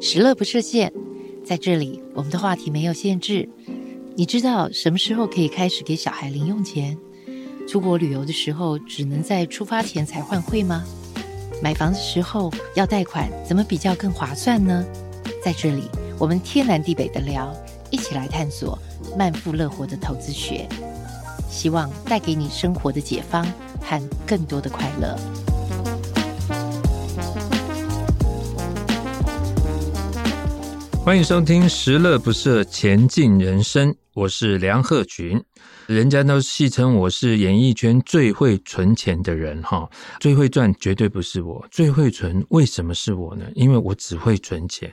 十樂不設限，在這裡我們的話題沒有限制。你知道什麼時候可以開始給小孩零用錢？出國旅遊的時候只能在出發前才換匯嗎？買房的時候要貸款，怎麼比較更划算呢？在這裡，我們天南地北的聊，一起來探索慢富樂活的投資學，希望帶給你生活的解方和更多的快樂。歡迎收聽《十樂不赦前進人生》，我是梁赫群。人家都戲稱我是演藝圈最會存錢的人哈，最會賺絕對不是我，最會存為什麼是我呢？因為我只會存錢，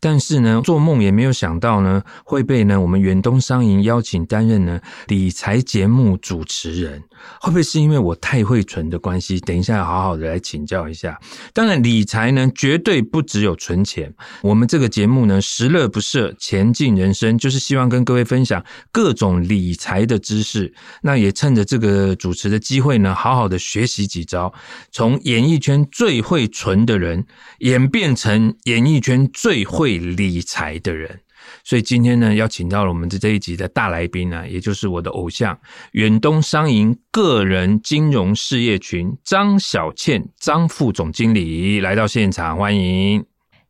但是呢，做夢也沒有想到呢會被呢我們遠東商銀邀請擔任呢理財節目主持人，會不會是因為我太會存的關係？等一下好好的來請教一下。當然理財呢，絕對不只有存錢，我們這個節目呢時樂不設，前進人生，就是希望跟各位分享各種理財。別的知識，那也趁着這個主持的機會呢，好好的學習幾招，從演藝圈最會存的人演變成演藝圈最會理財的人。所以今天呢，邀請到了我們的這一集的大來賓呢，啊，也就是我的偶像遠東商銀個人金融事業群張小倩張副總經理來到現場，歡迎，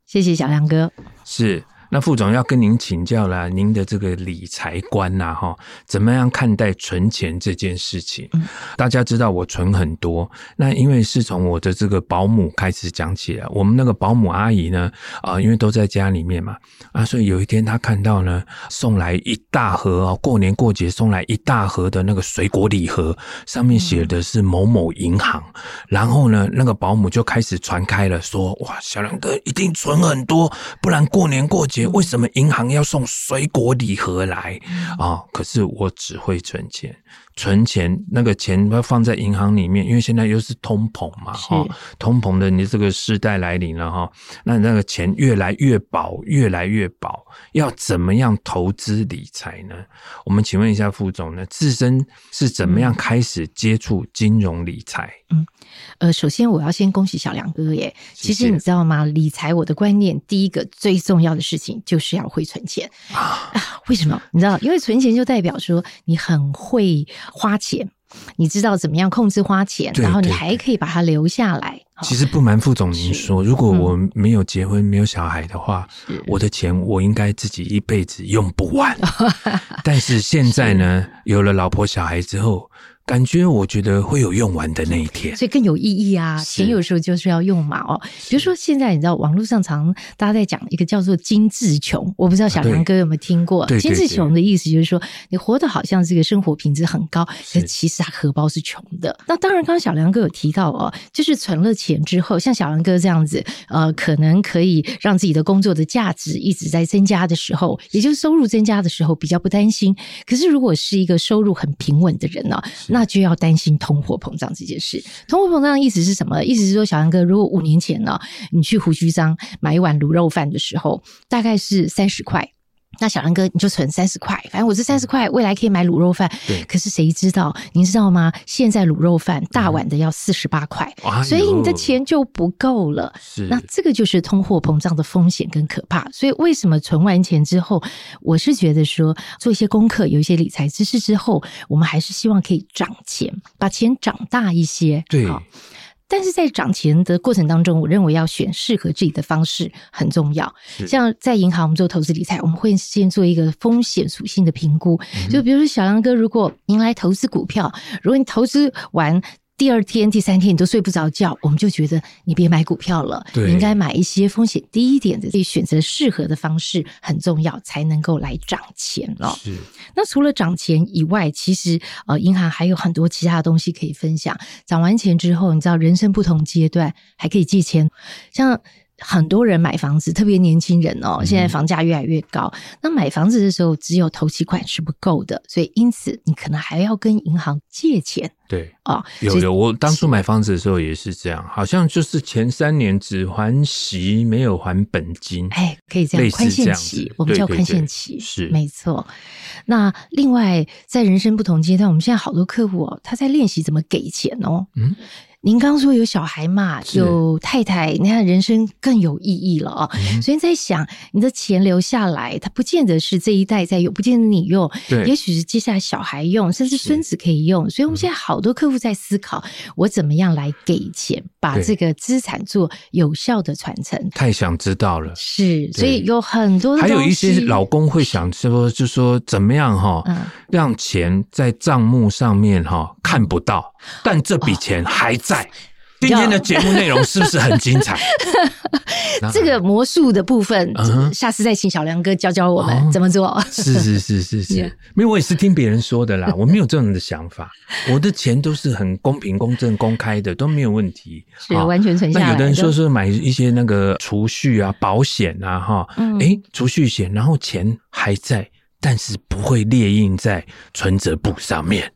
謝謝小亮哥，是。那副總要跟您請教了，您的這個理財觀吶，哈，怎麼樣看待存錢這件事情，嗯？大家知道我存很多，那因為是從我的這個保姆開始講起來。我們那個保姆阿姨呢，啊、呃，因為都在家裡面嘛，啊，所以有一天她看到呢，送來一大盒過年過節送來一大盒的那個水果禮盒，上面寫的是某某銀行，嗯。然後呢，那個保姆就開始傳開了說，說哇，小倩姐一定存很多，不然過年過節。為什麼銀行要送水果禮盒來啊？哦，可是我只會存錢。存錢，那個錢不要放在銀行裡面，因為現在又是通膨嘛，哈、哦，通膨的，你這個時代來臨了哈，那那個錢越來越薄，越來越薄，要怎麼樣投資理財呢？我們請問一下副總呢，自身是怎麼樣開始接觸金融理財？嗯，呃，首先我要先恭喜小梁哥哥耶。謝謝，其實你知道嗎？理財我的觀念，第一個最重要的事情就是要會存錢啊，啊，為什麼？你知道，因為存錢就代表說你很會。花錢，你知道怎麼樣控制花錢。對對對，然後你還可以把它留下來。其實不瞞副總您說，如果我沒有結婚、嗯、沒有小孩的話，我的錢我應該自己一輩子用不完。 但是現在呢，有了老婆、小孩之後，感覺我覺得會有用完的那一天，所以更有意義啊！錢有時候就是要用嘛哦。比如說現在你知道網絡上常大家在講一個叫做“精緻窮”，我不知道小梁哥有沒有聽過？“精緻窮”的意思就是說，你活得好像是個生活品質很高，但其實他荷包是窮的是。那當然，剛剛小梁哥有提到哦，就是存了錢之後，像小梁哥這樣子，呃，可能可以讓自己的工作的價值一直在增加的時候，也就是收入增加的時候，比較不擔心。可是如果是一個收入很平穩的人呢、哦？那就要擔心通貨膨脹這件事。通貨膨脹的意思是什麼？意思是說，小楊哥，如果五年前呢、啊，你去鬍鬚張買一碗滷肉飯的時候，大概是三十塊。那小遠哥，你就存三十塊，反正我這三十塊未來可以買滷肉飯。對，可是誰知道？您知道嗎？現在滷肉飯大碗的要四十八塊，所以你的錢就不夠了。是，那這個就是通貨膨脹的風險跟可怕。所以為什麼存完錢之後，我是覺得說做一些功課，有一些理財知識之後，我們還是希望可以漲錢，把錢長大一些。對。但是在漲錢的過程當中，我認為要選適合自己的方式很重要。像在銀行，我們做投資理財，我們會先做一個風險屬性的評估。就比如說，小楊哥，如果您來投資股票，如果你投資完。第二天、第三天你都睡不着覺，我們就覺得你別買股票了，你應該買一些風險低一點的，自己選擇適合的方式很重要，才能夠來漲錢了。哦。是。那除了漲錢以外，其實呃，銀行還有很多其他的東西可以分享。漲完錢之後，你知道人生不同階段還可以借錢，像。很多人買房子，特別年輕人哦，現在房價越來越高。嗯。那買房子的時候，只有頭期款是不夠的，所以因此你可能還要跟銀行借錢。對，啊、哦，有有，我當初買房子的時候也是這樣，好像就是前三年只還息，沒有還本金。哎，可以這樣寬限期，我們叫寬限期，對對對沒錯是沒錯。那另外，在人生不同階段，我們現在好多客戶哦，他在練習怎麼給錢哦。嗯。您剛說有小孩嘛，有太太，你看人生更有意義了哦、嗯，所以在想，你的錢留下來，它不見得是這一代在用，不見得你用，對，也許是接下來小孩用，甚至孫子可以用。所以我們現在好多客戶在思考，嗯、我怎麼樣來給錢？把這個資產做有效的傳承，太想知道了。是，所以有很多還有一些老公會想說，就說怎麼樣齁、嗯，讓錢在賬目上面齁看不到，但這筆錢還在。哦。今天的節目內容是不是很精彩？ 這個魔術的部分，uh -huh. 下次再請小梁哥教教我們，uh -huh. 怎麼做。是是是是是，yeah. 沒有我也是聽別人說的啦，我沒有這樣的想法。我的錢都是很公平、公正、公開的， 都沒有問題。是、哦、完全存下來。那有的人說是買一些那個儲蓄啊、保險啊，哈、哦，哎、嗯，儲蓄險，然後錢還在。但是不會列印在存摺簿上面，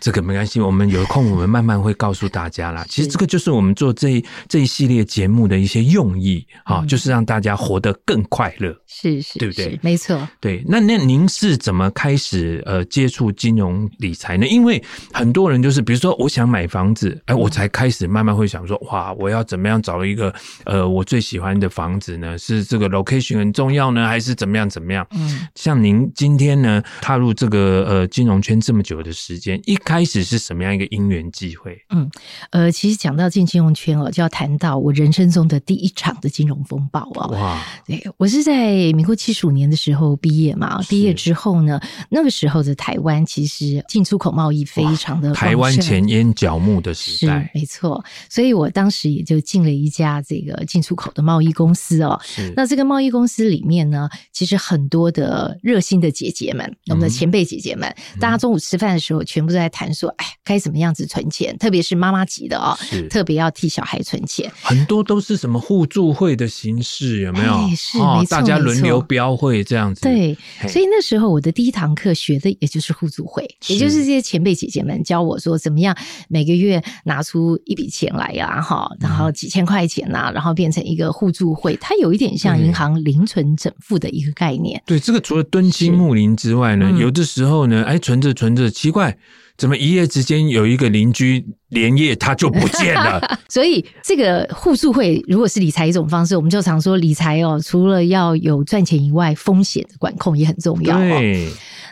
這個沒關係。我們有空，我們慢慢會告訴大家啦。 其實這個就是我們做這一這一系列節目的一些用意，哈、嗯啊，就是讓大家活得更快樂。是是，是，對不對？沒錯。對，那那您是怎麼開始呃接觸金融理財呢？因為很多人就是，比如說我想買房子，哎、欸，我才開始慢慢會想說，嗯、哇，我要怎麼樣找一個呃我最喜歡的房子呢？是這個 location 很重要呢，還是怎麼樣怎麼樣？嗯，像您今今天呢，踏入這個呃金融圈這麼久的時間，一開始是什麼樣一個因緣際會？嗯，呃，其實講到進金融圈哦，就要談到我人生中的第一場的金融風暴哦。哇，對我是在民國七十五年的時候畢業嘛，畢業之後呢，那個時候的台灣其實進出口貿易非常的台灣錢淹腳目的時代，沒錯。所以我當時也就進了一家這個進出口的貿易公司哦。是，那這個貿易公司裡面呢，其實很多的熱心的。姐姐們，我們的前輩姐姐們、嗯，大家中午吃飯的時候，全部都在談說，哎、嗯，該怎麼樣子存錢？特別是媽媽級的啊、哦，特別要替小孩存錢。很多都是什麼互助會的形式，有沒有？是、哦，大家輪流標會這樣子。對，所以那時候我的第一堂課學的也就是互助會，也就是這些前輩姐姐們教我說，怎麼樣每個月拿出一筆錢來呀？哈，然後幾千塊錢啊，然後變成一個互助會，嗯、它有一點像銀行零存整付的一個概念。嗯、對，這個除了蹲積木林之外呢、嗯，有的時候呢，哎，存着存着，奇怪。怎麼一夜之間有一個鄰居連夜他就不見了 所以這個互助會如果是理財一種方式，我們就常說理財哦，除了要有賺錢以外，風險的管控也很重要、哦。對，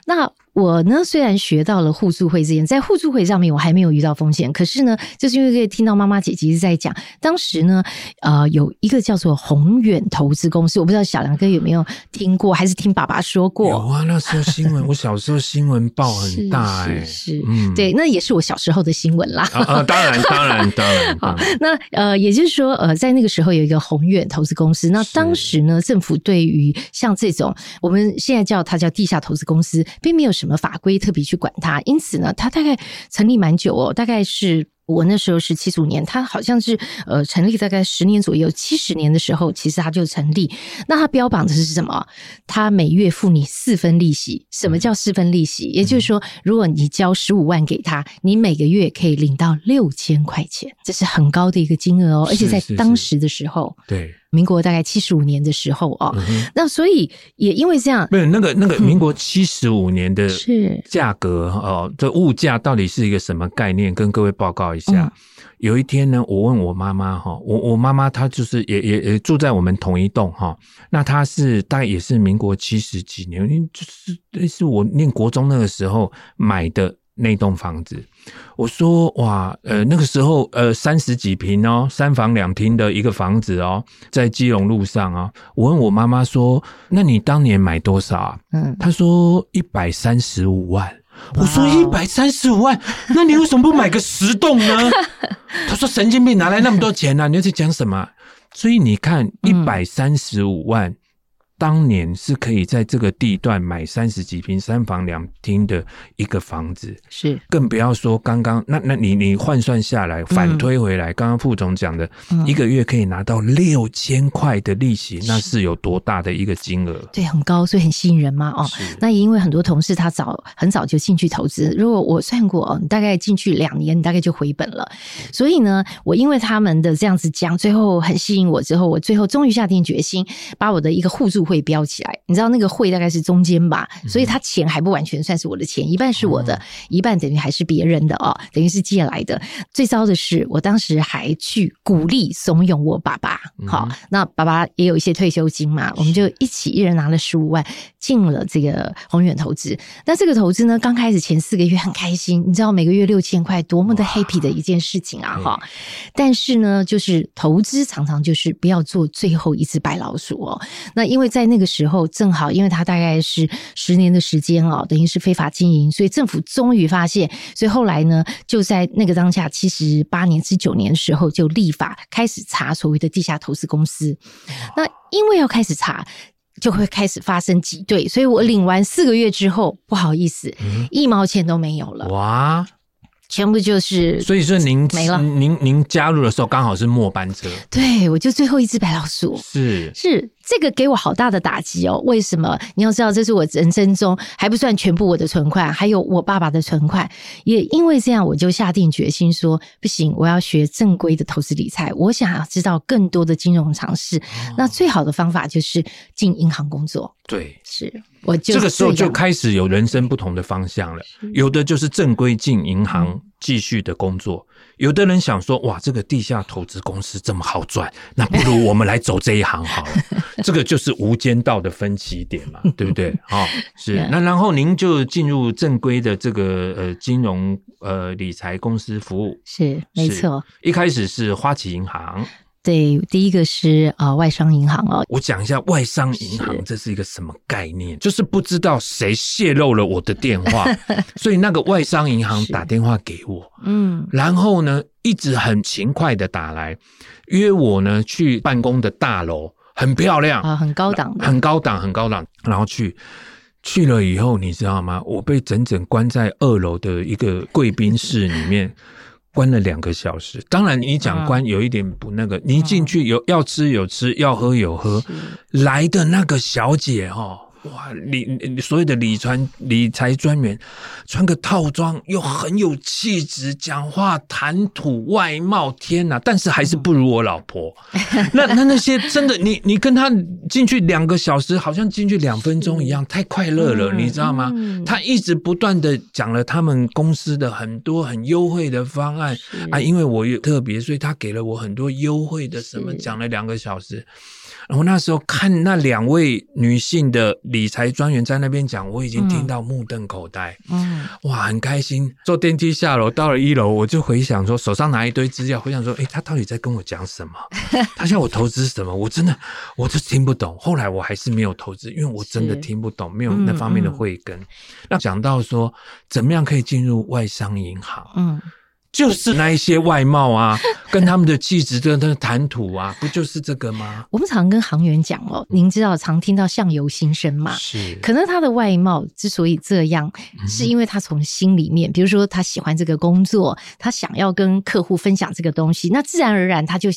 那我呢雖然學到了互助會這些，在互助會上面我還沒有遇到風險，可是呢，就是因為可以聽到媽媽姐姐一直在講，當時呢，呃，有一個叫做宏遠投資公司，我不知道小梁哥有沒有聽過，還是聽爸爸說過。哇、啊，那時候新聞，我小時候新聞報很大哎、欸。 是，是，是。嗯，對，那也是我小時候的新聞啦啊啊。當然，當然，當然。 好，那呃，也就是說，呃，在那個時候有一個宏遠投資公司。那當時呢，政府對於像這種我們現在叫它叫地下投資公司，並沒有什麼法規特別去管它。因此呢，它大概成立蠻久哦，大概是。我那時候是七十五年，他好像是呃成立大概十年左右，七十年的時候其實他就成立。那他標榜的是什麼？他每月付你四分利息。什麼叫四分利息？嗯。也就是說，如果你交十五萬給他，你每個月可以領到六千塊錢，這是很高的一個金額哦。而且在當時的時候，是是是，對。民國大概七十五年的時候哦、嗯，那所以也因為這樣，不是那個那個民國七十五年的價格哦，這物價到底是一個什麼概念？跟各位報告一下。嗯、有一天呢，我問我媽媽哈，我我媽媽她就是也也也住在我們同一棟哈，那她是大概也是民國七十幾年，就是是我念國中那個時候買的。那棟房子，我說哇，呃，那個時候呃三十幾坪哦，三房兩廳的一個房子哦，在基隆路上啊、哦，我問我媽媽說，那你當年買多少啊？嗯，她說一百三十五萬，我說一百三十五萬，那你為什麼不買個十棟呢？她 說神經病，哪來那麼多錢啊？你在講什麼？所以你看一百三十五萬。嗯當年是可以在這個地段買？三十幾平三房兩廳的一個房子，是更不要說剛剛那那你你換算下來反推回來，剛剛副總講的一個月可以拿到六千塊的利息，那是有多大的一個金額？對，很高，所以很吸引人嘛。哦，那也因為很多同事他早很早就進去投資，如果我算過，喔，你大概進去兩年，你大概就回本了。所以呢，我因為他們的這樣子講，最後很吸引我，之後我最後終於下定決心，把我的一個互助會標起來，你知道那個會大概是中間吧，所以他錢還不完全算是我的錢，嗯、一半是我的，一半等於還是別人的哦，等於是借來的。最糟的是，我當時還去鼓勵慫恿我爸爸、嗯，好，那爸爸也有一些退休金嘛，我們就一起一人拿了十五萬進了這個宏遠投資。那這個投資呢，剛開始前四個月很開心，你知道每個月六千塊多麼的 happy 的一件事情啊！哈，但是呢，就是投資常常就是不要做最後一隻白老鼠哦。那因為在在那個時候，正好因為他大概是十年的時間哦，等於是非法經營，所以政府終於發現，所以後來呢，就在那個當下七十八年至九年的時候，就立法開始查所謂的地下投資公司。那因為要開始查，就會開始發生擠兌，所以我領完四個月之後，不好意思，嗯、一毛錢都沒有了。哇！全部就是沒了，所以說您、您、您加入的時候剛好是末班車，對，我就最後一隻白老鼠，是是。這個給我好大的打擊哦！為什麼？你要知道，這是我人生中還不算全部我的存款，還有我爸爸的存款。也因為這樣，我就下定決心說：不行，我要學正規的投資理財。我想要知道更多的金融常識。哦，那最好的方法就是進銀行工作。對，是，是我就這，這個時候就開始有人生不同的方向了。有的就是正規進銀行繼續的工作。有的人想說，哇，這個地下投資公司這麼好賺，那不如我們來走這一行好了。 這個就是無間道的分歧點嘛，對不對？啊、 哦，是。那然後您就進入正規的這個呃金融呃理財公司服務，是，是沒錯。一開始是花旗銀行。對，第一個是啊、哦，外商銀行哦，我講一下外商銀行，這是一個什麼概念，是就是不知道誰泄露了我的電話， 所以那個外商銀行打電話給我，嗯，然後呢一直很勤快的打來，約我呢去辦公的大樓，很漂亮、嗯嗯、啊，很高檔、啊，很高檔，很高檔，然後去去了以後，你知道嗎？我被整整關在二樓的一個貴賓室裡面。 關了兩個小時，當然你講關有一點不那個，啊、你進去有要吃有吃，啊、要喝有喝，來的那個小姐哦。哇，理,理你所有的理專理財專員穿個套裝又很有氣質，講話談吐外貌，天哪、啊！但是還是不如我老婆。 那那那些真的，你你跟他進去兩個小時，好像進去兩分鐘一樣， 太快樂了，你知道嗎？嗯嗯、他一直不斷的講了他們公司的很多很優惠的方案啊，因為我又特別，所以他給了我很多優惠的什麼，講了兩個小時。然後那時候看那兩位女性的理財專員在那邊講，我已經聽到目瞪口呆。嗯，嗯，哇，很開心。坐電梯下樓到了一樓，我就回想說，手上拿一堆資料，回想說，哎、欸，他到底在跟我講什麼？他叫我投資什麼？我真的，我就聽不懂。後來我還是沒有投資，因為我真的聽不懂，沒有那方面的慧根。嗯嗯、那講到說，怎麼樣可以進入外商銀行？嗯。 就是那一些外貌啊， 跟他們的氣質、跟那談吐啊，不就是這個嗎？ 我們常跟行員講哦，您知道常聽到相由心生嘛？是，可能他的外貌之所以這樣，是因為他從心裡面、嗯，比如說他喜歡這個工作，他想要跟客戶分享這個東西，那自然而然他就。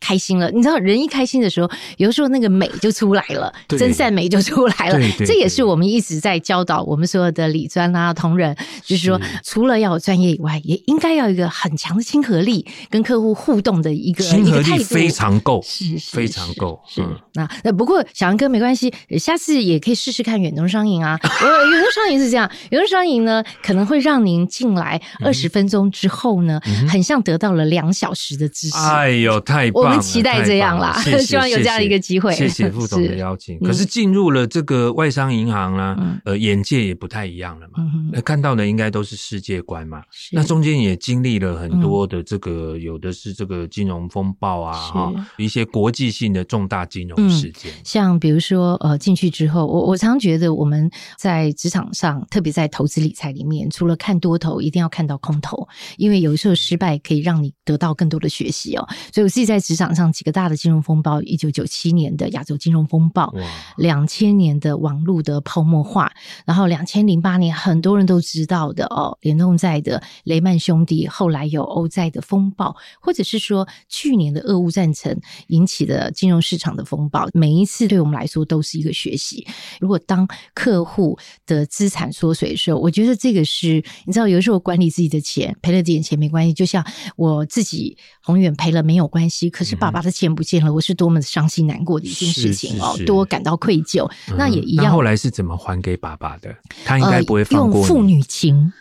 開心了，你知道人一開心的時候，有時候那個美就出來了，真善美就出來了，對對對。這也是我們一直在教導我們所有的理專啊同仁，就是說，除了要有專業以外，也應該要一個很強的親和力，跟客戶互動的一個親和力、一個態度，是是是是非常夠，非常夠。嗯，那那不過小楊哥沒關係，下次也可以試試看遠東商銀啊。遠東商銀是這樣，遠東商銀呢可能會讓您進來二十分鐘之後呢，嗯，很像得到了兩小時的資訊。哎呦，太棒！我們期待這樣啦，希望有這樣的一個機會。謝謝， 謝，謝副總的邀請。可是進入了這個外商銀行啦、啊嗯，呃，眼界也不太一樣了嘛。嗯、看到的應該都是世界觀嘛。那中間也經歷了很多的這個，嗯、有的是這個金融風暴啊、哦，一些國際性的重大金融事件。嗯、像比如說，呃，進去之後，我我常，常覺得我們在職場上，特別在投資理財裡面，除了看多頭，一定要看到空頭，因為有時候失敗可以讓你得到更多的學習哦。所以我自己在職。史上幾個大的金融風暴，一九九七年的亞洲金融風暴，兩千年的網路的泡沫化，然後兩千零八年很多人都知道的哦，聯動債的雷曼兄弟，後來有歐債的風暴，或者是說去年的俄烏戰爭引起的金融市場的風暴，每一次對我們來說都是一個學習。如果當客戶的資產縮水的時候，我覺得這個是你知道，有的時候我管理自己的錢，賠了點錢沒關係，就像我自己宏遠賠了沒有關係，可是。是爸爸的錢不見了，我是多麼傷心難過的一件事情哦，多感到愧疚。嗯、那也一樣。嗯、後來是怎麼還給爸爸的？他應該不會放過你、呃、用父女情。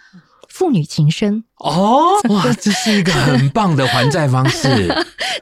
父女情深哦，哇，這是一個很棒的還債方式。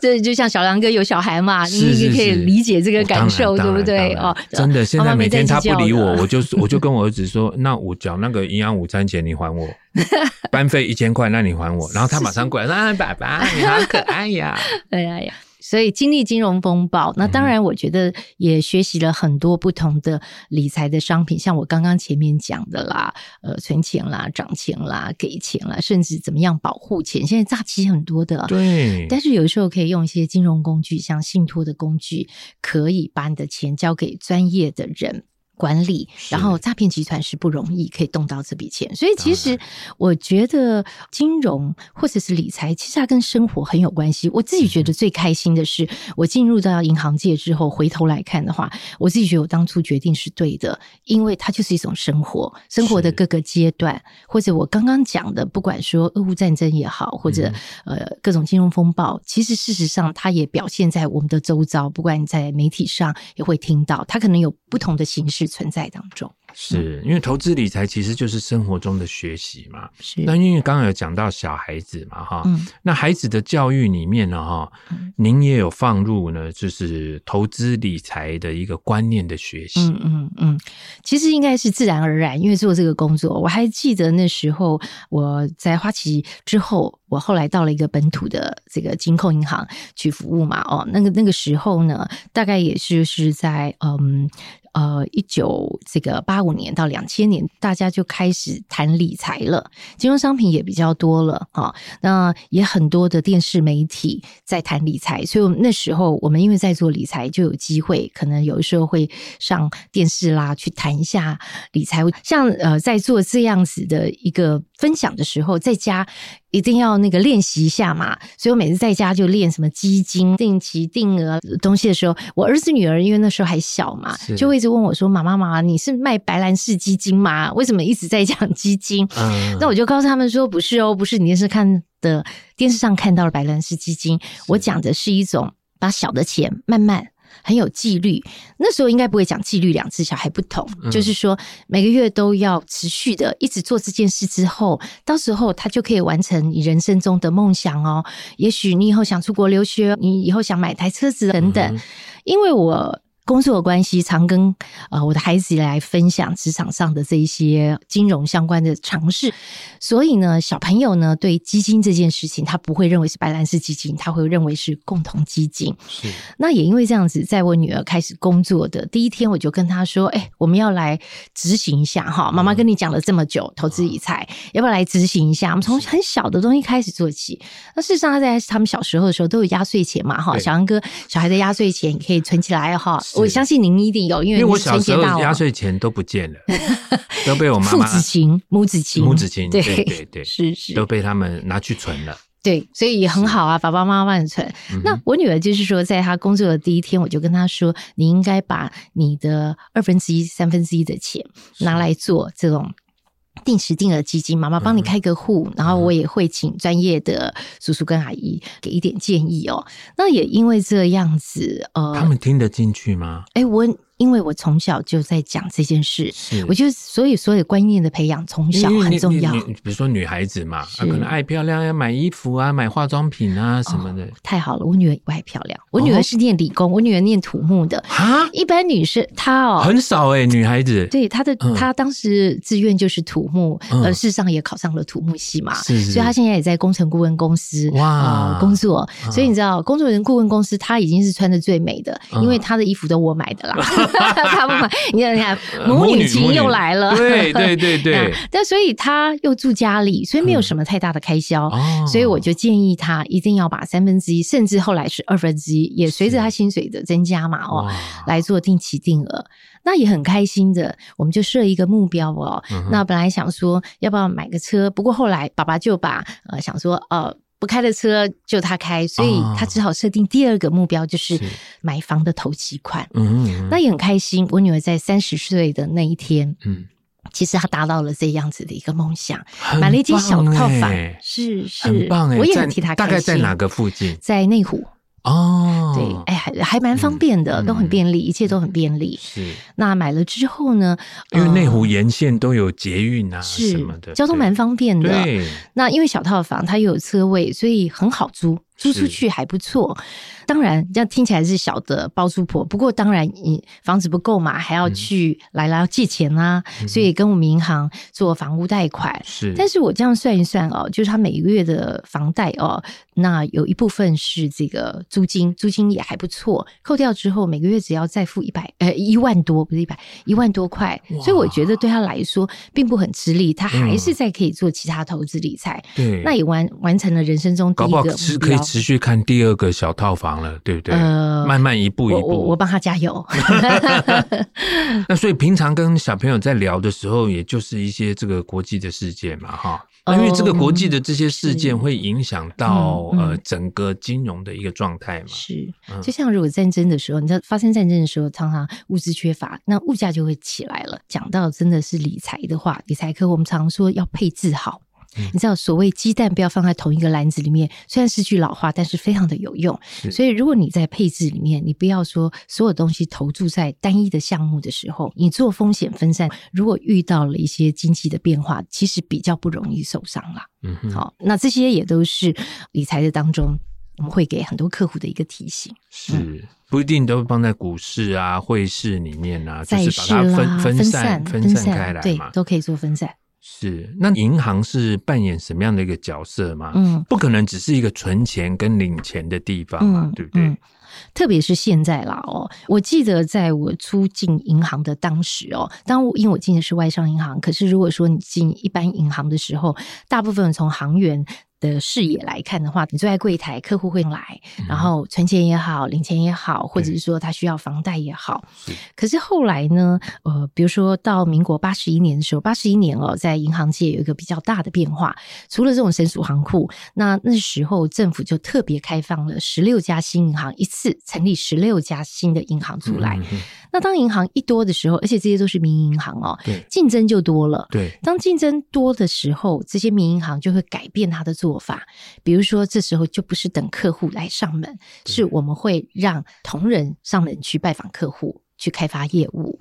這 就像小狼哥有小孩嘛，是是是，你你可以理解這個感受，哦，對不對？哦，真的，現在每天他不理我，我就我就跟我兒子說， 那我繳那個營養午餐錢，你還我， 班費一千塊，那你還我，然後他馬上過來說，爸爸，你好可愛呀， 哎呀呀。所以經歷金融風暴，那當然我覺得也學習了很多不同的理財的商品，嗯，像我剛剛前面講的啦，呃，存錢啦、漲錢啦、給錢啦，甚至怎麼樣保護錢。現在詐欺很多的，對。但是有時候可以用一些金融工具，像信托的工具，可以把你的錢交給專業的人管理，然後詐騙集團是不容易可以動到這筆錢，所以其實我覺得金融或者是理財，其實它跟生活很有關係。我自己覺得最開心的是，我進入到銀行界之後，回頭來看的話，我自己覺得我當初決定是對的，因為它就是一種生活，生活的各個階段，或者我剛剛講的，不管說俄烏戰爭也好，或者呃各種金融風暴，其實事實上它也表現在我們的周遭，不管你在媒體上也會聽到，它可能有不同的形式。存在當中，是因為投資理財其實就是生活中的學習嘛。是、嗯、那因為剛剛有講到小孩子嘛，哈、嗯，那孩子的教育裡面呢，哈、嗯，您也有放入呢，就是投資理財的一個觀念的學習。嗯嗯嗯，其實應該是自然而然，因為做這個工作，我還記得那時候我在花旗之後，我後來到了一個本土的這個金控銀行去服務嘛。哦，那個那個時候呢，大概也是是在嗯，呃，一九這個八五年到兩千年，大家就開始談理財了，金融商品也比較多了啊、哦。那也很多的電視媒體在談理財，所以我們那時候我們因為在做理財，就有機會，可能有的時候會上電視啦，去談一下理財。像呃，在做這樣子的一個分享的時候，在家。一定要那個練習一下嘛，所以我每次在家就練什麼基金、定期、定額東西的時候，我兒子女兒因為那時候還小嘛，就會一直問我說：“媽媽媽，你是賣白蘭氏基金嗎？為什麼一直在講基金、嗯？”那我就告訴他們說：“不是哦、喔，不是，你是看的電視上看到了白蘭氏基金，我講的是一種把小的錢慢慢。”很有紀律，那時候應該不會講紀律。兩只小孩不同，嗯、就是說每個月都要持續的一直做這件事，之後到時候他就可以完成你人生中的夢想哦。也許你以後想出國留學，你以後想買台車子等等。嗯、因為我。工作的關係，常跟呃我的孩子來分享職場上的這一些金融相關的常識，所以呢，小朋友呢對基金這件事情，他不會認為是白蘭氏基金，他會認為是共同基金。是那也因為這樣子，在我女兒開始工作的第一天，我就跟她說：“誒、欸、我們要來執行一下哈，媽媽跟你講了這麼久投資理財，要不要來執行一下？我們從很小的東西開始做起。那事實上，他在他們小時候的時候都有壓歲錢嘛哈，小楊哥小孩的壓歲錢你可以存起來哈。”我相信您一定有因，因為我小時候壓歲錢都不見了， 都被我媽媽父子情、母子情、母子情，對對對，是是，都被他們拿去存了。對，所以也很好啊，爸爸媽媽幫你存、嗯。那我女兒就是說，在她工作的第一天，我就跟她說，你應該把你的二分之一、三分之一的錢拿來做這種。定時定額基金，媽媽幫你開個戶，然後我也會請專業的叔叔跟阿姨給一點建議哦。那也因為這樣子，呃，他們聽得進去嗎？誒，我。因為我從小就在講這件事，我就所以所有觀念的培養從小很重要，你你你你。比如說女孩子嘛，啊、可能愛漂亮，啊，要買衣服啊，買化妝品啊什麼的，哦。太好了，我女兒不愛漂亮，我女兒是念理工，哦，我女兒念土木的。啊？一般女生她哦很少哎，欸，女孩子對她的她當時志願就是土木，嗯，而事實上也考上了土木系嘛，嗯，是是所以她現在也在工程顧問公司啊，呃，工作。所以你知道，嗯，工作人員顧問公司她已經是穿得最美的，因為她的衣服都我買的啦。嗯他 們，你看，母女情又來了。對對對對，對對對 但所以他又住家裡，所以沒有什麼太大的開銷。所以我就建議他一定要把三分之一，甚至後來是二分之一，也隨着他薪水的增加嘛哦，哦，來做定期定額。那也很開心的，我們就設一個目標哦、嗯。那本來想說要不要買個車，不過後來爸爸就把呃想說呃。不開的車就他開，所以他只好設定第二個目標，就是買房的頭期款。哦嗯。嗯，那也很開心。我女兒在三十歲的那一天，嗯，其實她達到了這樣子的一個夢想，買了一間小套房，是是，很棒耶，我也很替他開心。大概在哪個附近？在內湖。哦，對，哎，還還蠻方便的，嗯、都很便利，嗯，一切都很便利。是，那買了之後呢？因為內湖沿線都有捷運、啊呃、是、什麼的，交通蠻方便的。對，那因為小套房它又有車位，所以很好租。租出去還不錯，當然這樣聽起來是小的包租婆，不過當然你房子不夠嘛，還要去、嗯、來了要借錢啊、嗯，所以跟我們銀行做房屋貸款。是，但是我這樣算一算哦，就是他每個月的房貸哦，那有一部分是這個租金，租金也還不錯，扣掉之後每個月只要再付一百呃一萬多，不是一百一萬多塊，所以我覺得對他來說並不很吃力，他還是在可以做其他投資理財，對、嗯，那也完完成了人生中第一個目標。持續看第二個小套房了，對不對？呃、慢慢一步一步，我幫他加油。 那所以平常跟小朋友在聊的時候，也就是一些這個國際的事件嘛，哈、哦。因為這個國際的這些事件會影響到呃整個金融的一個狀態嘛、嗯。是，就像如果戰爭的時候，你知道發生戰爭的時候，常常物資缺乏，那物價就會起來了。講到真的是理財的話，理財課我們常說要配置好。嗯、你知道所謂雞蛋不要放在同一個籃子裡面，雖然是句老話，但是非常的有用。所以如果你在配置裡面，你不要說所有東西投注在單一的項目的時候，你做風險分散，如果遇到了一些經濟的變化，其實比較不容易受傷了。嗯哼，好，那這些也都是理財的當中，我們會給很多客戶的一個提醒。是、嗯、不一定都放在股市啊、匯市裡面啊、債市啊，就是把它分分散，分散、分散開來嘛，對，都可以做分散。是，那銀行是扮演什麼樣的一個角色嗎？嗯，不可能只是一個存錢跟領錢的地方啊，嗯、對不對？嗯嗯、特別是現在啦，哦，我記得在我初進銀行的當時哦，當我因為我進的是外商銀行，可是如果說你進一般銀行的時候，大部分從行員。的視野來看的話，你坐在櫃台，客戶會來，然後存錢也好，領錢也好，或者是說他需要房貸也好。可是後來呢，呃，比如說到民國八十一年的時候，八十一年哦、喔，在銀行界有一個比較大的變化，除了這種省屬行庫，那那時候政府就特別開放了十六家新銀行，一次成立十六家新的銀行出來。那當銀行一多的時候，而且這些都是民營銀行哦、喔，競爭就多了。對，當競爭多的時候，這些民營銀行就會改變它的做。做法，比如說，這時候就不是等客戶來上門，嗯、是我們會讓同仁上門去拜訪客戶。去開發業務，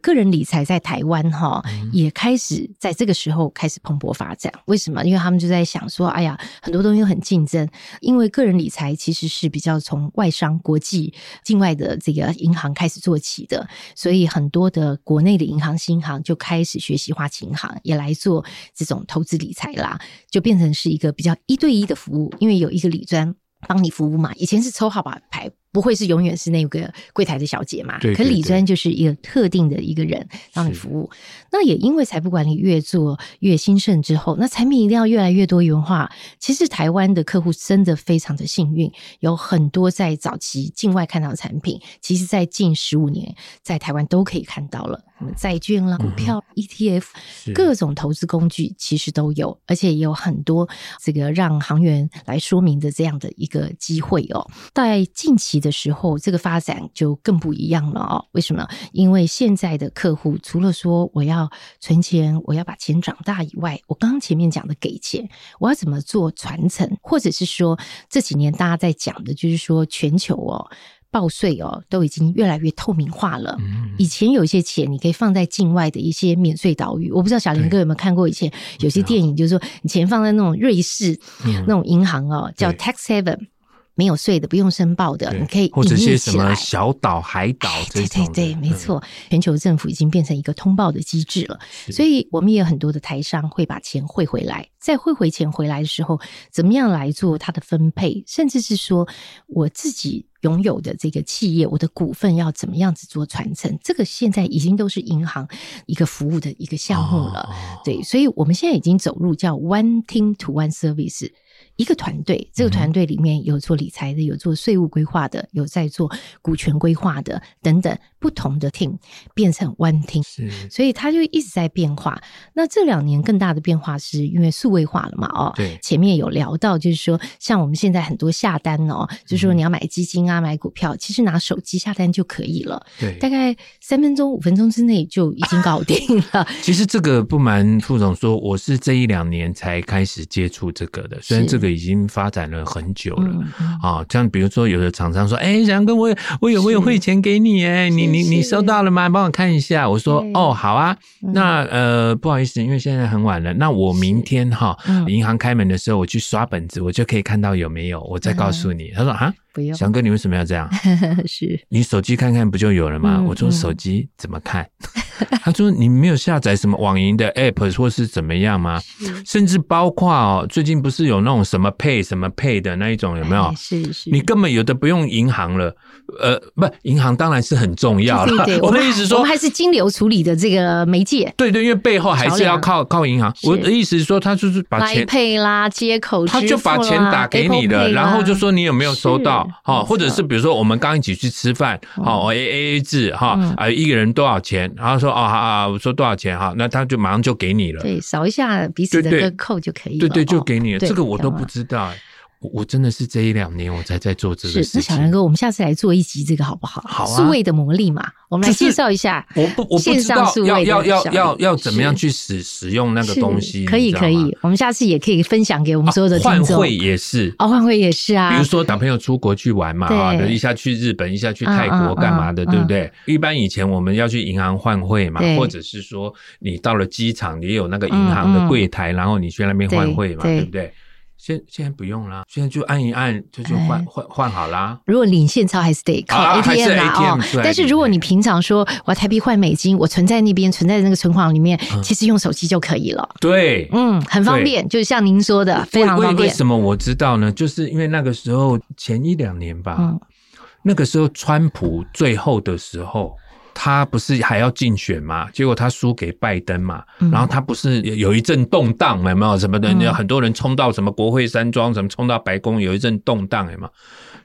個人理財在台灣哈也開始在這個時候開始蓬勃發展。為什麼？因為他們就在想說，哎呀，很多東西都很競爭，因為個人理財其實是比較從外商、國際、境外的這個銀行開始做起的，所以很多的國內的銀行、新行就開始學習花旗銀行，也來做這種投資理財啦，就變成是一個比較一對一的服務，因為有一個理專幫你服務嘛。以前是抽號碼牌。不會是永遠是那個櫃檯的小姐嘛？對對對，可理專就是一個特定的一個人讓你服務。那也因為財富管理越做越興盛之後，那產品一定要越來越多元化。其實台灣的客戶真的非常的幸運，有很多在早期境外看到的產品，其實，在近十五年在台灣都可以看到了。債券啦，股票，股票、ETF，各種投資工具其實都有，而且也有很多這個讓行員來說明的這樣的一個機會哦、喔。在近期的時候，這個發展就更不一樣了哦、喔。為什麼？因為現在的客戶除了說我要存錢，我要把錢長大以外，我剛剛前面講的給錢，我要怎麼做傳承，或者是說這幾年大家在講的就是說全球哦、喔。報稅哦，都已經越來越透明化了。以前有一些錢，你可以放在境外的一些免稅島嶼。我不知道小林哥有沒有看過以前有些電影，就是說你錢、嗯、放在那種瑞士、嗯、那種銀行哦，叫 Tax Haven，沒有稅的，不用申報的，你可以或者些什麼小島、海島、哎。對對對，沒錯、嗯。全球政府已經變成一個通報的機制了，所以我們也有很多的台商會把錢匯回來。在匯回錢回來的時候，怎麼樣來做它的分配？甚至是說我自己。擁有的這個企業，我的股份要怎麼樣子做傳承？這個現在已經都是銀行一個服務的一個項目了。Oh. 對，所以我們現在已經走入叫 one team to one service。一個團隊，這個團隊裡面有做理財的，有做稅務規劃的，有在做股權規劃的等等，不同的 team 變成 one team，所以他就一直在變化。那這兩年更大的變化是因為數位化了嘛、喔？哦，對，前面有聊到，就是說像我們現在很多下單哦、喔，就是說你要買基金啊，嗯、買股票，其實拿手機下單就可以了，對，大概三分鐘、五分鐘之內就已經搞定了。 其實這個不瞞副總說，我是這一兩年才開始接觸這個的，雖然這個。已經發展了很久了啊、嗯哦，像比如說有的廠商說：“哎、嗯，翔哥，我有我有我有匯錢給你哎，你你你收到了嗎？幫我看一下。”我說：“哦，好啊，嗯、那呃不好意思，因為現在很晚了，那我明天哈、嗯、銀行開門的時候我去刷本子，我就可以看到有沒有，我再告訴你。嗯”他說：“啊，不要。”翔哥，你為什麼要這樣？ 是你手機看看不就有了嗎？嗯、我說手機怎麼看？”嗯嗯 他說：“你沒有下載什麼網銀的 app 或是怎麼樣嗎？是是，甚至包括哦，最近不是有那種什麼 pay 什麼 pay 的那一種有沒有？哎、是是，你根本有的不用銀行了。呃，不，銀行當然是很重要的。是是是對，我的意思說，我們還是金流處理的這個媒介。對對對，因為背後還是要靠靠銀行。啊、我的意思是說，他就是把錢配啦接口，他就把錢打給你了，然後就說你有沒有收到？哈、哦，或者是比如說我們剛一起去吃飯，哦，a a a 制哈、啊，啊、嗯，一個人多少錢？然後。”說、哦、啊啊！我說多少錢哈？那他就馬上就給你了。對，掃一下彼此的扣就可以了對對。對對，就給你了。了、哦。這個我都不知道。我真的是這一兩年我才在做這個事情。是那小楊哥，我們下次來做一集這個好不好？好啊，數位的魔力嘛，我們來介紹一下。我不，我不知道要線上數位要要要要怎麼樣去使使用那個東西。可以可以，我們下次也可以分享給我們所有的觀眾。換、啊、匯也是啊，換匯也是啊。比如說，帶朋友出國去玩嘛，啊、一下去日本，一下去泰國，幹嘛的嗯嗯嗯嗯嗯，對不對？一般以前我們要去銀行換匯嘛，或者是說你到了機場也有那個銀行的櫃台嗯嗯嗯，然後你去那邊換匯嘛，對不對？對現現在不用啦，現在就按一按，就就換換換好啦。如果領現鈔還是得靠 ATM 啦，啊、還是 ATM 啦，哦，對對對。但是如果你平常說我要台幣換美金，我存在那邊存在那個存款裡面，嗯、其實用手機就可以了。對，嗯，很方便，就是像您說的，非常方便。為什麼我知道呢？就是因為那個時候前一兩年吧、嗯，那個時候川普最後的時候。他不是還要競選嘛？結果他輸給拜登嘛、嗯？然後他不是有一陣動盪，有沒有什麼的？有很多人衝到什麼國會山莊，什麼衝到白宮，有一陣動盪哎嘛。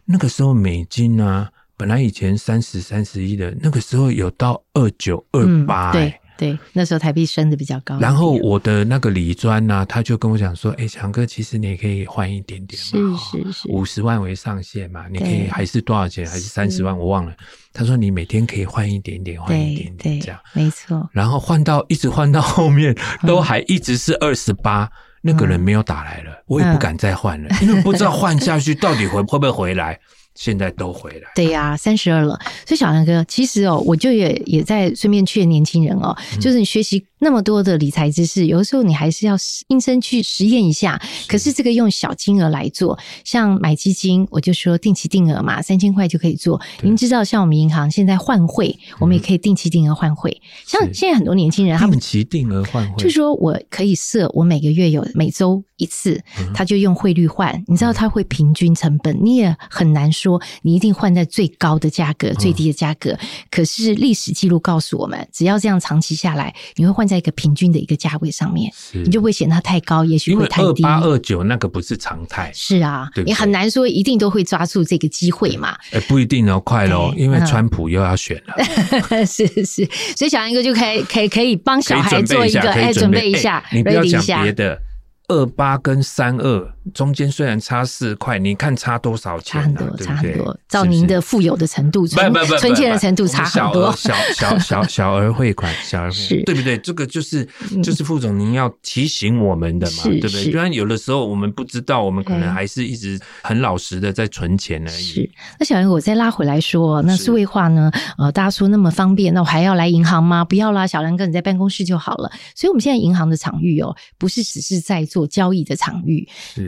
那個時候美金啊，本來以前三十、三十一的，那個時候有到二九、欸、二八、嗯、對。對，那時候台幣升得比較高。然後我的那個理專呢，他就跟我講說：“哎、欸，強哥，其實你也可以換一點點嘛，是是是，五十萬為上限嘛，你可以還是多少錢？還是三十萬？我忘了。他說你每天可以換一點點，換一點點，這樣對對沒錯。然後換到一直換到後面，都還一直是二十八。那個人沒有打來了，嗯、我也不敢再換了、嗯，因為不知道換下去到底回會不會回來。 ”現在都回來。對呀、啊，三十二了。所以小楊哥，其實哦，我就也也在順便勸年輕人哦，嗯、就是你學習那麼多的理財知識，有的時候你還是要親身去實驗一下。可是這個用小金額來做，像買基金，我就說定期定額嘛，三千塊就可以做。您知道，像我們銀行現在換匯，我們也可以定期定額換匯。像現在很多年輕人，他們定期定額換匯，就是、說我可以設我每個月有每周一次、嗯，他就用匯率換、嗯，你知道他會平均成本，你也很難說。說你一定換在最高的價格、最低的價格，嗯，可是歷史記錄告訴我們，只要這樣長期下來，你會換在一個平均的一個價位上面，你就不會嫌它太高，也許會太低。二八二九那個不是常態，是啊對對，你很難說一定都會抓住這個機會嘛。欸，不一定哦。喔，快了，欸，因為川普又要選了，嗯。 是是，所以小楊哥就可以可以可以幫小孩做一個，可以準備一下，你不要講別的，二八跟三二。中間雖然差四塊，你看差多少錢、啊，差很多對對，差很多。照您的富有的程度，是是是是，存錢的程度差很多。小小小小額匯款，小額匯， 對不對？這個就是就是副總，嗯，您要提醒我們的嘛，對不對？雖然有的時候我們不知道，我們可能還是一直很老實的在存錢而已。那小梁，我再拉回來說，那數位化呢？呃，大家說那麼方便，那我還要來銀行嗎？不要啦，小梁哥你在辦公室就好了。所以，我們現在銀行的場域哦，喔，不是只是在做交易的場域。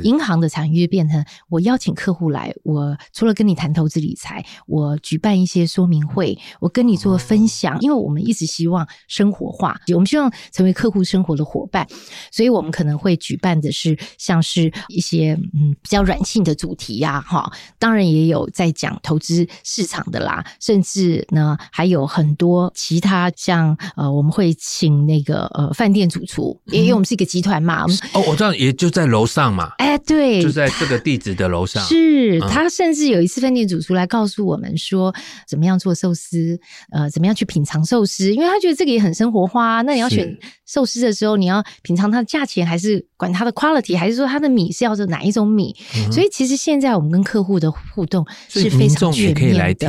銀行的產業變成我邀請客戶來，我除了跟你談投資理財，我舉辦一些說明會，我跟你做分享。因為我們一直希望生活化，我們希望成為客戶生活的夥伴，所以我們可能會舉辦的是像是一些嗯比較軟性的主題呀，哈，當然也有在講投資市場的啦，甚至呢還有很多其他像呃我們會請那個呃飯店主廚，因為因為我們是一個集團嘛、嗯，哦，我知道也就在樓上嘛，對，就在這個地址的樓上。是、嗯、他甚至有一次飯店主出來告訴我們說，怎麼樣做壽司，呃，怎麼樣去品嘗壽司，因為他覺得這個也很生活化、啊。那你要選壽司的時候，你要品嘗它的價錢，還是管它的 quality，還是說它的米是要做哪一種米、嗯？所以其實現在我們跟客戶的互動是非常全面的。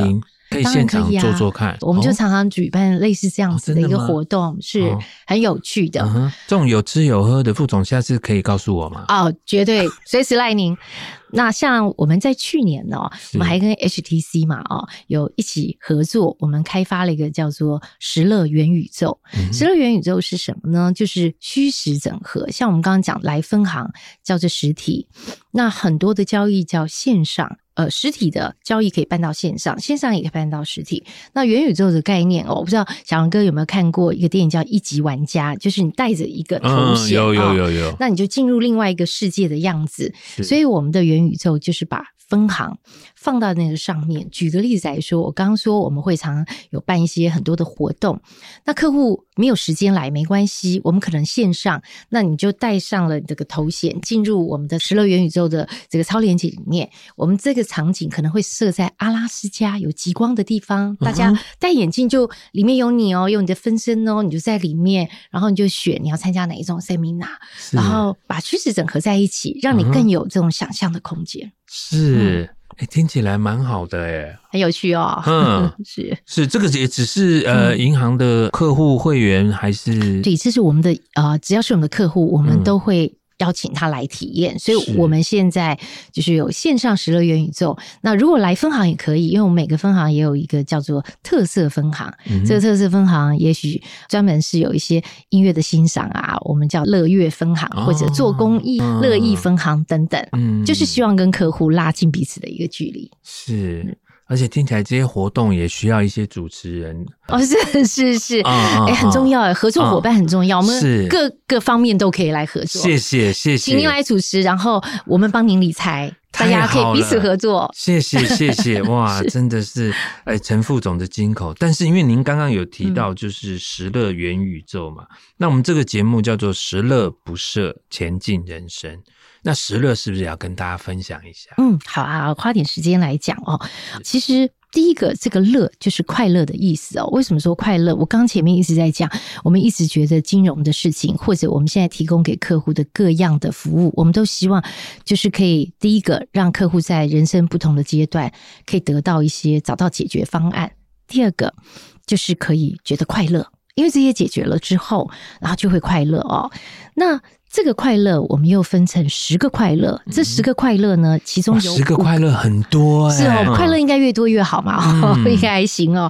可以、啊、現場做做看，我們就常常舉辦類似這樣子的一個活動，哦哦、是很有趣的。Uh -huh. 這種有吃有喝的，副總下次可以告訴我嗎？哦、oh，絕對，隨時來您。 那像我們在去年呢、喔，我們還跟 HTC 嘛、喔，哦，有一起合作，我們開發了一個叫做“時樂元宇宙”嗯。時樂元宇宙是什麼呢？就是虛實整合。像我們剛剛講來分行叫做實體，那很多的交易叫線上。呃，實體的交易可以搬到線上，線上也可以搬到實體。那元宇宙的概念哦，我不知道小遠哥有沒有看過一個電影叫《一級玩家》，就是你戴著一個頭顯、嗯，有有有有、哦，那你就進入另外一個世界的樣子。所以我們的元宇宙就是把分行。放到那個上面。舉個例子來說，我剛剛說我們會常有辦一些很多的活動，那客戶沒有時間來，沒關係，我們可能線上，那你就戴上了這個頭顯進入我們的十樂元宇宙的這個超連結裡面。我們這個場景可能會設在阿拉斯加有極光的地方，大家戴眼鏡就裡面有你哦，uh -huh. 有你的分身哦，你就在裡面，然後你就選你要參加哪一種 Seminar，然後把趨勢整合在一起，讓你更有這種想象的空間。Uh -huh. 是。哎，聽起來蠻好的誒，很有趣哦。嗯，是是，這個也只是呃，嗯、銀行的客戶會員還是？對，這是我們的，呃，只要是我們的客戶，我們都會。嗯邀請他來體驗，所以我們現在就是有線上十樂元宇宙。那如果來分行也可以，因為我們每個分行也有一個叫做特色分行。嗯、這個特色分行也許專門是有一些音樂的欣賞啊，我們叫樂樂分行，或者做公益樂、哦、意分行等等，嗯，就是希望跟客戶拉近彼此的一個距離、嗯。是。嗯而且聽起來，這些活動也需要一些主持人。哦，是是是，哎、嗯欸，很重要啊、嗯，合作夥伴很重要，嗯、我們是各個方面都可以來合作。謝謝謝謝，請您來主持，然後我們幫您理財，大家可以彼此合作。謝謝謝謝，哇，真的是哎，陳、欸、副總的金口。但是因為您剛剛有提到，就是時樂元宇宙嘛、嗯，那我們這個節目叫做“時樂不設，前進人生”。那時樂是不是要跟大家分享一下？嗯，好啊，好，花點時間來講哦。其實第一個，這個“樂”就是快樂的意思哦。為什麼說快樂？我剛前面一直在講，我們一直覺得金融的事情，或者我們現在提供給客戶的各樣的服務，我們都希望就是可以第一個讓客戶在人生不同的階段可以得到一些找到解決方案。第二個就是可以覺得快樂，因為這些解決了之後，然後就會快樂哦。那這個快樂，我們又分成十個快樂。這十個快樂呢，嗯、其中有五個、哦、十個快樂很多、欸，是哦，哦，快樂應該越多越好嘛，嗯、呵呵應該還行哦。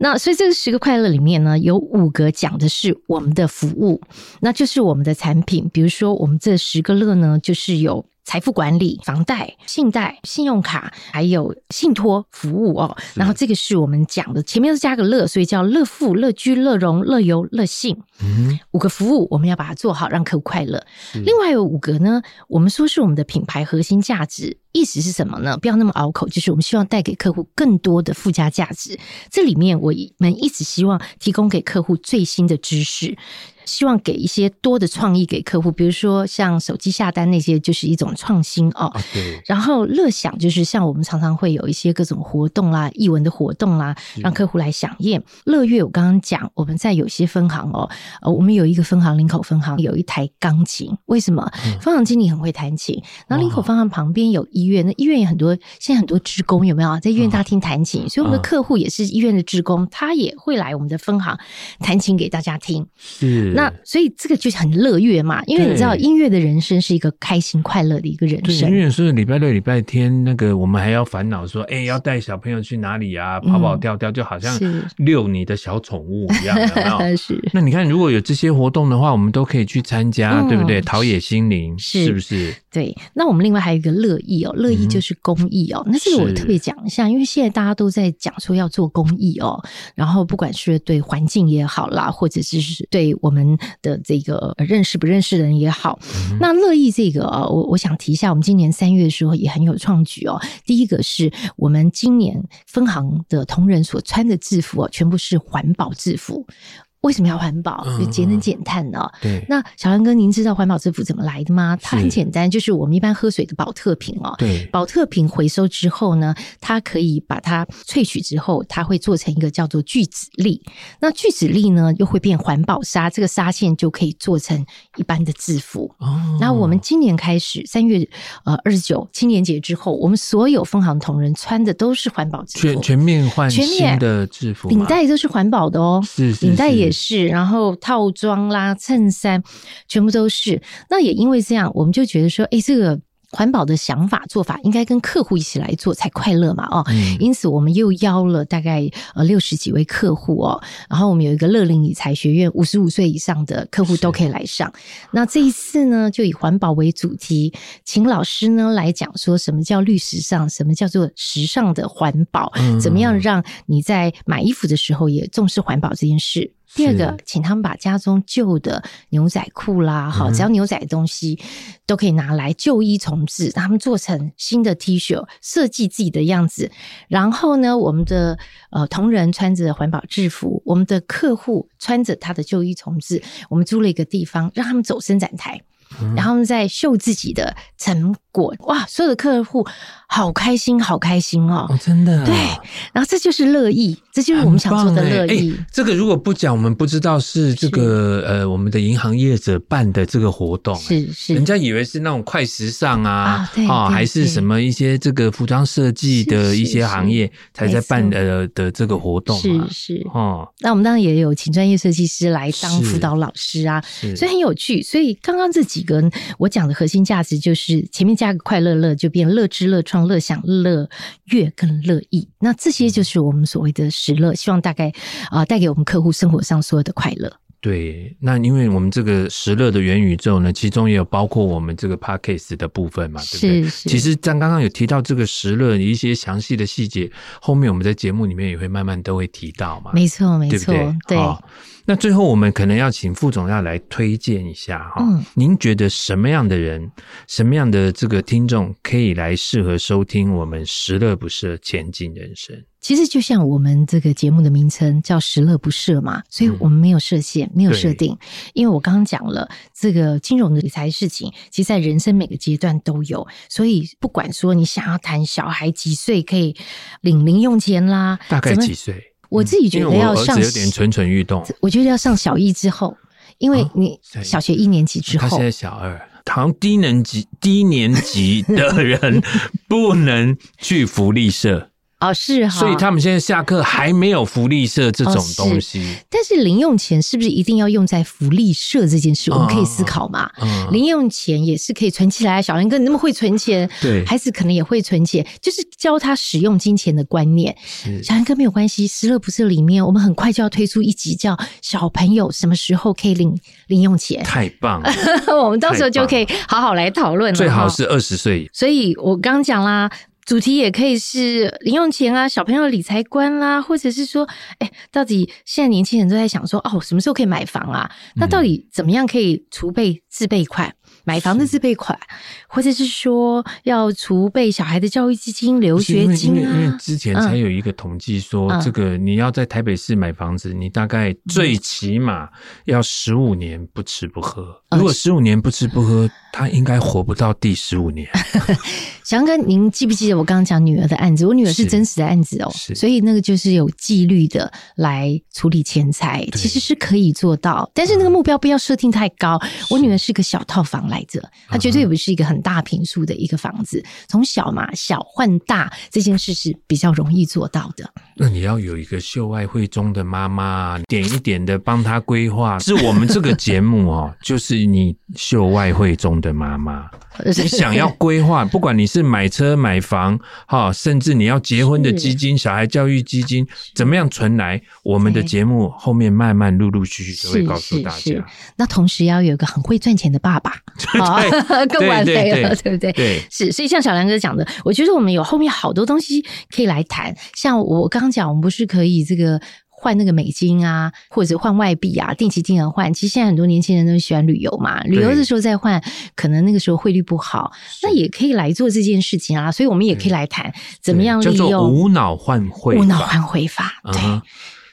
那所以這個十個快樂裡面呢，有五個講的是我們的服務，那就是我們的產品。比如說，我們這十個樂呢，就是有。財富管理、房貸、信貸、信用卡，還有信托服務哦。然後這個是我們講的，前面是加個“樂”，所以叫“樂富、樂居、樂融、樂遊、樂興、嗯”五個服務，我們要把它做好，讓客戶快樂。另外有五個呢，我們說是我們的品牌核心價值，意思是什麼呢？不要那麼拗口，就是我們希望帶給客戶更多的附加價值。這裡面我，我們一直希望提供給客戶最新的知識。希望給一些多的創意給客戶，比如說像手機下單那些，就是一種創新哦。Okay. 然後樂享就是像我們常常會有一些各種活動啦、藝文的活動啦，讓客戶來響應。樂悅，我剛剛講我們在有些分行哦，呃，我們有一個分行林口分行有一台鋼琴，為什麼？嗯、分行經理很會彈琴，然後林口分行旁邊有醫院，那醫院有很多，現在很多職工有沒有在醫院大廳彈琴、嗯？所以我們的客戶也是醫院的職工，嗯、他也會來我們的分行彈琴給大家聽。是。那所以這個就是很樂樂嘛，因為你知道音樂的人生是一個開心快樂的一個人生。音樂是禮拜六禮拜天那個，我們還要煩惱說，哎、欸，要帶小朋友去哪裡啊？跑跑跳跳，嗯、就好像遛你的小寵物一樣，是，有沒有 是。那你看如果有這些活動的話，我們都可以去參加，嗯，對不對？陶冶心靈，是不是？對。那我們另外還有一個樂意哦，喔，樂意就是公益哦，喔嗯。那這個我特別講一下，因為現在大家都在講說要做公益哦，喔，然後不管是對環境也好啦，或者就是對我們。的這個認識不認識的人也好，那樂意這個，哦，我我想提一下，我們今年三月的時候也很有創舉哦。第一個是，我們今年分行的同仁所穿的制服啊，全部是環保制服。為什麼要環保？就節能減碳呢。喔嗯嗯。對。那小楊哥，您知道環保制服怎麼來的嗎？它很簡單，是就是我們一般喝水的寶特瓶哦。喔。對。寶特瓶回收之後呢，它可以把它萃取之後，它會做成一個叫做聚酯粒。那聚酯粒呢，又會變環保紗，這個紗線就可以做成一般的制服。哦。那我們今年開始三月呃二十九青年節之後，我們所有分行同仁穿的都是環保制服，全全面換新的制服，領帶都是環保的哦。喔，是領帶也。是，然後套裝啦、襯衫，全部都是。那也因為這樣，我們就覺得說，哎，這個環保的想法做法，應該跟客戶一起來做才快樂嘛哦。哦、嗯，因此我們又邀了大概呃六十幾位客戶哦。然後我們有一個樂齡理財學院，五十五歲以上的客戶都可以來上。那這一次呢，就以環保為主題，請老師呢來講說什麼叫綠時尚，什麼叫做時尚的環保，怎麼樣讓你在買衣服的時候也重視環保這件事。第二個，請他們把家中舊的牛仔褲啦，好，只要牛仔的東西都可以拿來舊衣重製，讓他們做成新的 T 恤，設計自己的樣子。然後呢，我們的呃同仁穿着環保制服，我們的客戶穿着他的舊衣重製，我們租了一個地方讓他們走伸展台，然後再秀自己的成過哇，所有的客戶好開心，好開心、喔、哦！真的、啊、對，然後這就是樂意、欸，這就是我們想做的樂意、欸。這個如果不講，我們不知道是這個是呃，我們的銀行業者辦的這個活動、欸，是是，人家以為是那種快時尚啊啊、哦，還是什麼一些這個服裝設計的一些行業才在辦的的這個活動、啊，是是哦、嗯。那我們當然也有請專業設計師來當輔導老師啊是是，所以很有趣。所以剛剛這幾個我講的核心價值就是前面。加個快樂樂就變樂知樂創樂享樂樂更樂意，那這些就是我們所謂的時樂，希望大概啊帶給我們客戶生活上所有的快樂。對，那因為我們這個時樂的元宇宙呢，其中也有包括我們這個 podcast 的部分嘛，對不對？是是，其實像剛剛有提到這個時樂一些詳細的細節，後面我們在節目裡面也會慢慢都會提到嘛。沒錯，沒錯，對。哦那最後，我們可能要請副總要來推薦一下哈、嗯。您覺得什麼樣的人、什麼樣的這個聽眾可以來適合收聽我們“十樂不赦”前進人生？其實就像我們這個節目的名稱叫“十樂不赦”嘛，所以我們沒有設限、嗯，沒有設定。因為我剛剛講了，這個金融的理財事情，其實在人生每個階段都有。所以不管說你想要談小孩幾歲可以領零用錢啦，大概幾歲？我自己覺得要上，有點蠢蠢,嗯、有點蠢蠢欲動。我覺得要上小一之後，因為你小學一年級之後，哦、他現在小二，好像低能級低年級的人 不能去福利社。 哦，是哈，哦。所以他們現在下課還沒有福利社這種東西，哦。但是零用錢是不是一定要用在福利社這件事？嗯，我們可以思考嘛，嗯。零用錢也是可以存起來。小英哥你那麼會存錢，對，孩子可能也會存錢，就是教他使用金錢的觀念。小英哥沒有關係，十惡不赦裡面，我們很快就要推出一集叫《小朋友什麼時候可以領零用錢》，太棒了！ 我們到時候就可以好好來討論。最好是二十歲。所以我剛講啦。主題也可以是零用錢啊，小朋友理財觀啦、啊，或者是說，哎，到底現在年輕人都在想說，哦，什麼時候可以買房啊？嗯、那到底怎麼樣可以儲備自備款買房的自備款，或者是說要儲備小孩的教育基金、留學金、啊？因為因為，因為之前才有一個統計說、嗯，這個你要在台北市買房子，嗯、你大概最起碼要十五年不吃不喝。嗯、如果十五年不吃不喝、嗯，他應該活不到第十五年。 翔哥，您記不記得我剛剛講女兒的案子？我女兒是真實的案子哦、喔，所以那個就是有紀律的來處理錢財，其實是可以做到。但是那個目標不要設定太高。我女兒是個小套房來着，她絕對也不是一個很大坪數的一個房子。從、嗯、小嘛，小換大這件事是比較容易做到的。那你要有一個秀外慧中的媽媽，點一點的幫她規劃。 是我們這個節目哦、喔，就是你秀外慧中的媽媽， 你想要規劃，不管你是。買車買房，哈，甚至你要結婚的基金、小孩教育基金，怎麼樣存來？我們的節目後面慢慢、陸陸續續都會告訴大家。是是是，那同時要有一個很會賺錢的爸爸， 更完美了，對對對對，對不對？對，是。所以像小梁哥講的，我覺得我們有後面好多東西可以來談。像我剛剛講，我們不是可以這個。換那個美金啊，或者換外幣啊，定期定額換。其實現在很多年輕人都喜歡旅遊嘛，旅遊的時候再換，可能那個時候匯率不好，那也可以來做這件事情啊。所以我們也可以來談怎麼樣叫、嗯嗯、做無腦換匯、無腦換匯法、嗯。對，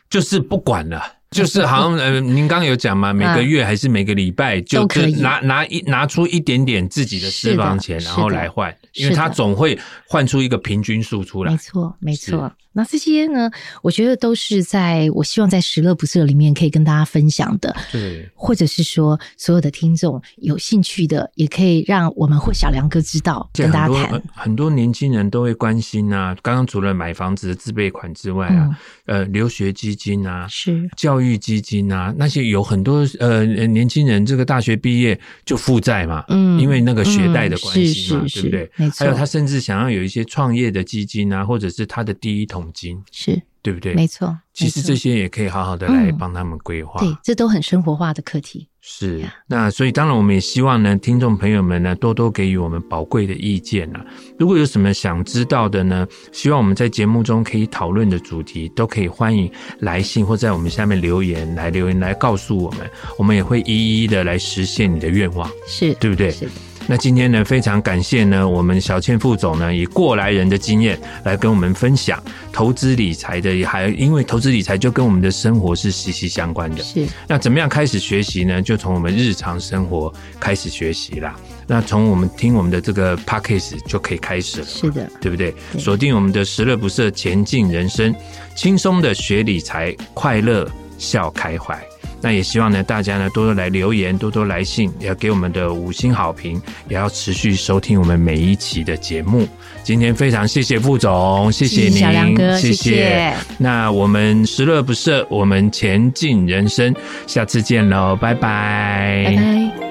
就是不管了，就是好像、嗯、呃，您剛剛有講嘛、嗯，每個月還是每個禮拜就可以就拿拿一拿出一點點自己的私房錢，然後來換，因為它總會換出一個平均數出來。沒錯，沒錯。沒錯。那這些呢？我覺得都是在我希望在《十樂不赦》裡面可以跟大家分享的，對，或者是說所有的聽眾有興趣的，也可以讓我們或小梁哥知道，跟大家談、呃。很多年輕人都會關心啊，剛剛除了買房子的自備款之外啊，嗯、呃，留學基金啊，是教育基金啊，那些有很多呃年輕人，這個大學畢業就負債嘛，嗯，因為那個學貸的關係嘛、啊嗯，對不對？沒錯。還有他甚至想要有一些創業的基金啊，或者是他的第一桶金是對不對？沒錯，其實這些也可以好好的來幫他們規劃。嗯，對，這都很生活化的課題。是，Yeah. 那所以當然我們也希望呢，聽眾朋友們呢多多給予我們寶貴的意見啊。如果有什麼想知道的呢，希望我們在節目中可以討論的主題，都可以歡迎來信或在我們下面留言來留言來告訴我們，我們也會一一一的來實現你的願望，是對不對？是。那今天呢，非常感謝呢，我們小倩副總呢，以過來人的經驗來跟我們分享投資理財的，也還因為投資理財就跟我們的生活是息息相關的。是。那怎麼樣開始學習呢？就從我們日常生活開始學習啦。那從我們聽我們的這個 Podcast 就可以開始了。是的，對不對？鎖定我們的時樂不澀，前進人生，輕鬆的學理財，快樂笑開懷。那也希望呢，大家呢多多來留言，多多來信，也要給我們的五星好評，也要持續收聽我們每一期的節目。今天非常謝謝副總，謝謝您，謝謝，謝，謝，謝，謝。那我們十樂不赦，我們前進人生，下次見嘍，拜拜。拜拜。